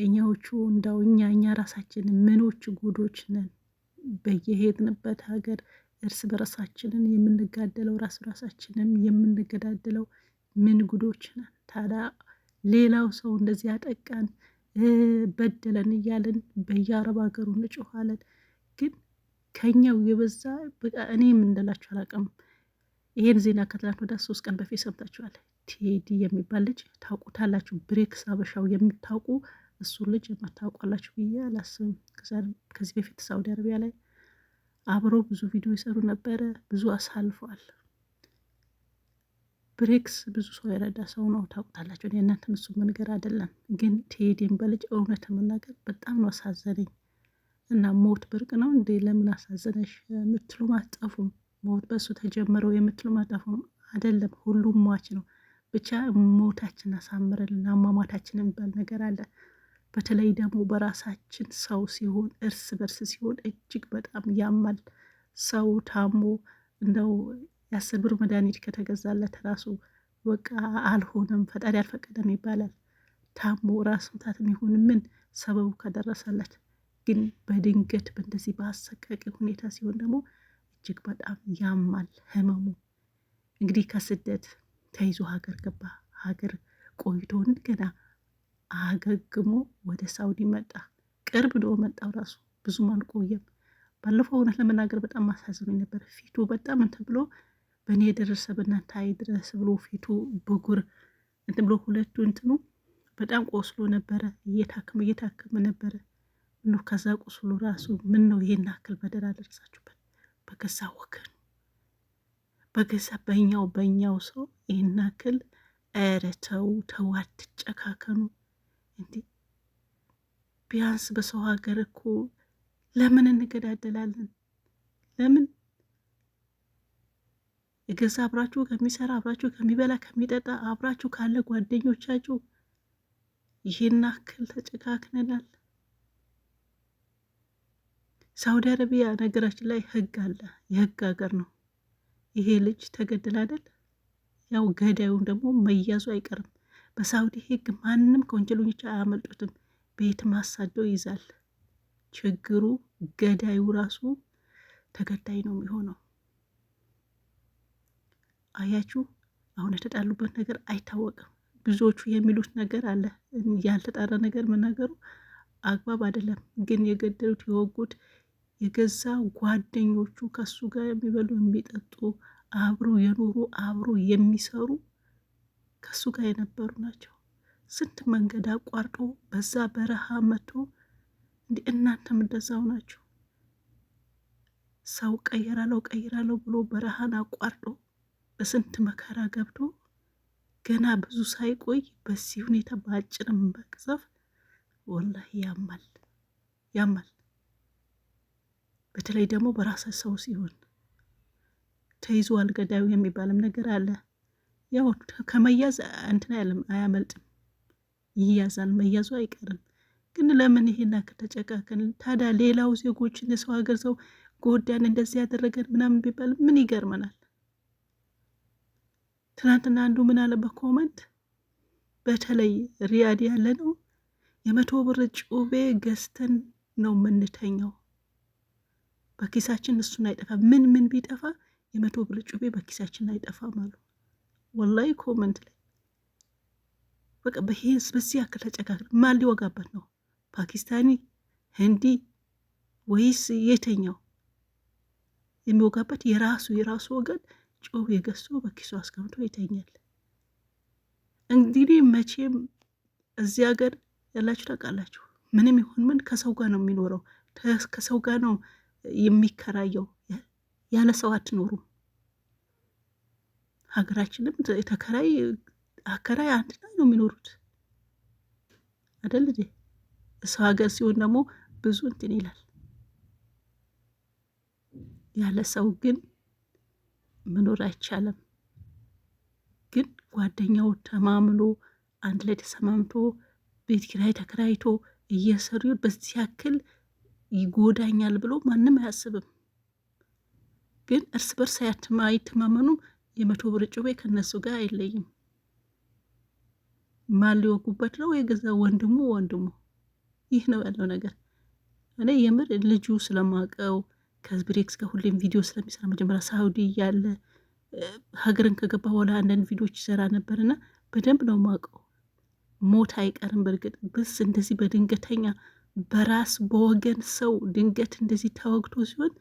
የኛዎቹ እንዳው እኛ እኛ ራሳችን ምኖች ጉዶች ነን። በየሄድንበት ሀገር እርስ በርሳችንን የምንጋደለው ራስ ራሳችንም የምንገዳደለው ምን ጉዶች ነን ታዲያ። ሌላው ሰው እንደዚህ አጠቃን በደለን እያለን በየአረብ ሀገሩ እንጮኋለን። ግን ከኛው የበዛ በቃ እኔ ምን እንደላችሁ አላውቅም። ይሄን ዜና ከትናንት ወደ ሶስት ቀን በፊት ሰምታችኋል። ቴዲ የሚባል ልጅ ታውቁታላችሁ፣ ብሬክስ አበሻው የምታውቁ እሱ ልጅ የማታውቋላችሁ ብዬ አላስብም። ከዚህ በፊት ሳውዲ አረቢያ ላይ አብሮ ብዙ ቪዲዮ ይሰሩ ነበረ። ብዙ አሳልፏል። ብሬክስ ብዙ ሰው የረዳ ሰው ነው፣ ታውቁታላችሁ። የእናንተን እሱ መንገር አይደለም ግን ቴዲን በልጅ እውነት መናገር በጣም ነው አሳዘነኝ። እና ሞት ብርቅ ነው እንዴ? ለምን አሳዘነሽ የምትሉ አትጠፉም። ሞት በእሱ ተጀመረው የምትሉ አትጠፉም። አይደለም ሁሉም ሟች ነው። ብቻ ሞታችን አሳምረልን፣ አሟሟታችን የሚባል ነገር አለ። በተለይ ደግሞ በራሳችን ሰው ሲሆን እርስ በርስ ሲሆን እጅግ በጣም ያማል። ሰው ታሞ እንደው የአስር ብር መድኃኒት ከተገዛለት ራሱ በቃ አልሆነም ፈጣሪ አልፈቀደም ይባላል። ታሞ ራስ ምታትም ይሁን ምን ሰበቡ ከደረሰለት ግን በድንገት በእንደዚህ በአሰቃቂ ሁኔታ ሲሆን ደግሞ እጅግ በጣም ያማል ህመሙ። እንግዲህ ከስደት ተይዞ ሀገር ገባ ሀገር ቆይቶን ገና አገግሞ ወደ ሳውዲ መጣ። ቅርብ ዶ መጣው ራሱ ብዙም አልቆየም። ባለፈው እውነት ለመናገር በጣም ማሳዘኑ ነበር። ፊቱ በጣም እንትን ብሎ በእኔ የደረሰ በእናንተ አይድረስ ብሎ ፊቱ ብጉር እንትን ብሎ ሁለቱ እንትኑ በጣም ቆስሎ ነበረ። እየታክመ እየታክመ ነበረ። ምነው ከዛ ቁስሎ ራሱ ምን ነው ይሄን አክል በደል ደረሳችሁበት? በገዛ ወገኑ በገዛ በኛው በኛው ሰው ይህን አክል ኧረ ተው ተው፣ አትጨካከኑ። እንዲህ ቢያንስ በሰው ሀገር እኮ ለምን እንገዳደላለን? ለምን የገዛ አብራችሁ ከሚሰራ አብራችሁ ከሚበላ ከሚጠጣ አብራችሁ ካለ ጓደኞቻችሁ ይህን አክል ተጨካክነናል። ሳውዲ አረቢያ ነገራችን ላይ ህግ አለ፣ የህግ ሀገር ነው። ይሄ ልጅ ተገደል አይደል? ያው ገዳዩን ደግሞ መያዙ አይቀርም። በሳውዲ ህግ ማንም ከወንጀለኞች አያመልጡትም። ቤት ማሳደው ይይዛል ችግሩ ገዳዩ ራሱ ተገዳይ ነው የሚሆነው። አያችሁ፣ አሁን የተጣሉበት ነገር አይታወቅም። ብዙዎቹ የሚሉት ነገር አለ። ያልተጣራ ነገር መናገሩ አግባብ አይደለም። ግን የገደሉት የወጉት የገዛ ጓደኞቹ ከሱ ጋር የሚበሉ የሚጠጡ አብሮ የኖሩ አብሮ የሚሰሩ ከሱ ጋር የነበሩ ናቸው። ስንት መንገድ አቋርጦ በዛ በረሃ መቶ እንዲ እናንተም እንደዛው ናቸው። ሰው ቀይራለው ቀይራለው ብሎ በረሃን አቋርጦ በስንት መከራ ገብቶ ገና ብዙ ሳይቆይ በዚህ ሁኔታ በአጭርም መቅዘፍ ወላሂ ያማል ያማል። በተለይ ደግሞ በራሰ ሰው ሲሆን ተይዞ አልገዳዩ የሚባልም ነገር አለ። ያው ከመያዝ እንትን አይልም አያመልጥም፣ ይያዛል፣ መያዙ አይቀርም። ግን ለምን ይሄን ያክል ተጨቃከን ታዲያ? ሌላው ዜጎችን የሰው ሀገር ሰው ጎዳን፣ እንደዚህ ያደረገን ምናምን ቢባል ምን ይገርመናል? ትናንትና አንዱ ምን አለ በኮመንት በተለይ ሪያድ ያለ ነው የመቶ ብር ጩቤ ገዝተን ነው ምንተኛው በኪሳችን እሱን አይጠፋ ምን ምን ቢጠፋ የመቶ ብር ጩቤ በኪሳችን አይጠፋም አሉ። ወላይ ኮመንት ላይ በቃ በሄስ በዚህ ያክል ተጨካክል ማን ሊወጋበት ነው? ፓኪስታኒ፣ ህንዲ ወይስ የተኛው? የሚወጋበት የራሱ የራሱ ወገን ጮብ የገሶ በኪሶ አስቀምጦ ይተኛል። እንግዲህ መቼም እዚህ ሀገር ያላችሁ ታውቃላችሁ። ምንም ይሁን ምን ከሰው ጋር ነው የሚኖረው፣ ከሰው ጋር ነው የሚከራየው። ያለ ሰው አትኖሩም። ሀገራችንም ተከራይ አከራይ አንድ ላይ ነው የሚኖሩት አደል እንዴ? ሰው ሀገር ሲሆን ደግሞ ብዙ እንትን ይላል። ያለ ሰው ግን መኖር አይቻልም። ግን ጓደኛው ተማምኖ አንድ ላይ ተሰማምቶ ቤት ኪራይ ተከራይቶ እየሰሩ በዚህ ያክል ይጎዳኛል ብሎ ማንም አያስብም። ግን እርስ በርስ አይተማመኑም። የመቶ ብር ጩቤ ከነሱ ጋር አይለይም። ማን ሊወጉበት ነው? የገዛ ወንድሙ ወንድሙ። ይህ ነው ያለው ነገር። እኔ የምር ልጁ ስለማውቀው ከዝብሬክስ ጋር ሁሌም ቪዲዮ ስለሚሰራ መጀመሪያ ሳውዲ እያለ ሀገርን ከገባ በኋላ አንዳንድ ቪዲዮዎች ይሰራ ነበርና በደንብ ነው ማውቀው። ሞት አይቀርም በእርግጥ ብስ እንደዚህ በድንገተኛ በራስ በወገን ሰው ድንገት እንደዚህ ተወግቶ ሲሆን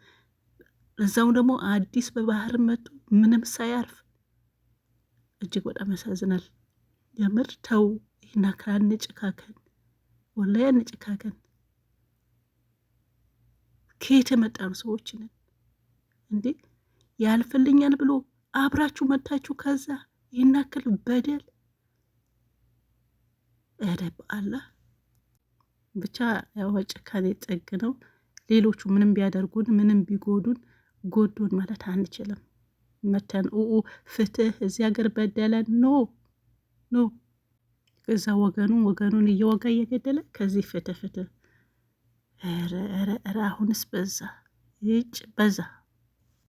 እዛው ደግሞ አዲስ በባህር መቶ ምንም ሳያርፍ እጅግ በጣም ያሳዝናል። የምር ተው ይህና አንጭካከን፣ ወላሂ አንጭካከን። ከየት የመጣም ሰዎች ነን እንዴ? ያልፍልኛል ብሎ አብራችሁ መታችሁ፣ ከዛ ይህን በደል። ያደብ አላ ብቻ ያው ጭካኔ ጥግ ነው። ሌሎቹ ምንም ቢያደርጉን ምንም ቢጎዱን ጎዱን ማለት አንችልም። መተን ኡኡ ፍትህ እዚህ ሀገር በደለን ኖ ኖ እዛ ወገኑን ወገኑን እየወጋ እየገደለ ከዚህ ፍትህ ፍትህ ረ አሁንስ በዛ ይጭ በዛ